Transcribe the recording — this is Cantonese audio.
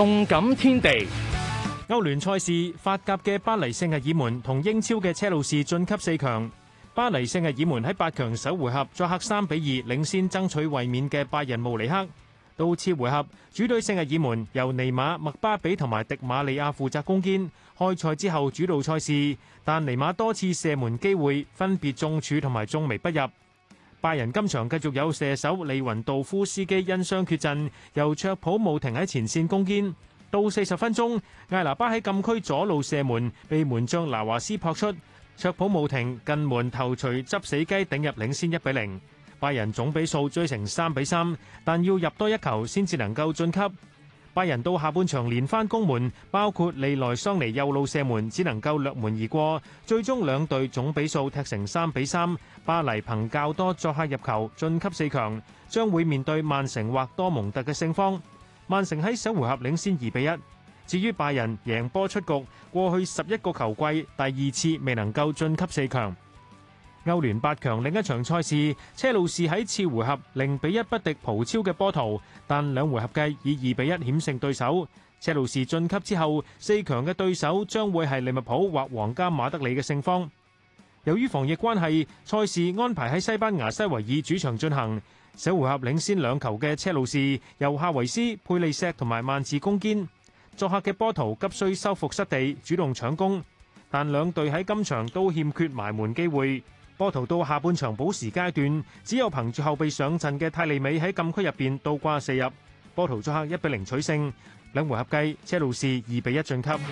動感天地，歐聯賽事，法甲嘅巴黎聖日耳門同英超嘅車路士晉級四強。巴黎聖日耳門喺八強首回合作客三比二領先爭取衛冕嘅拜仁慕尼黑。到次回合，主隊聖日耳門由尼馬、麥巴比同埋迪馬利亞負責攻堅。開賽之後主導賽事，但尼馬多次射門機會分別中柱同埋中楣不入。拜仁今場繼續有射手利雲道夫斯基因傷缺陣，由卓普姆廷喺前線攻堅。到四十分鐘，艾拿巴喺禁區左路射門，被門將拿華斯撲出。卓普姆廷近門頭槌執死雞頂入，領先一比零。拜仁總比數追成三比三，但要入多一球先至能夠晉級。拜仁到下半場連番攻門，包括利萊桑尼右路射門，只能夠掠門而過。最終兩隊總比數踢成三比三，巴黎憑較多作客入球晉級四強，將會面對曼城或多蒙特嘅勝方。曼城喺首回合領先二比一，至於拜仁贏波出局，過去十一個球季第二次未能夠晉級四強。歐聯八強另一場賽事，車路士喺次回合零比一不敵葡超嘅波圖，但兩回合計以二比一險勝對手。車路士晉級之後，四強嘅對手將會係利物浦或皇家馬德里嘅勝方。由於防疫關係，賽事安排喺西班牙西維爾主場進行。首回合領先兩球嘅車路士，由夏維斯、佩利錫同埋萬字攻堅；作客嘅波圖急需收復失地，主動搶攻，但兩隊喺今場都欠缺埋門機會。波圖到下半場補時階段，只有憑住後備上陣嘅泰利美喺禁區入邊倒掛射入，波圖作客一比零取勝。兩回合計，車路士二比一晉級。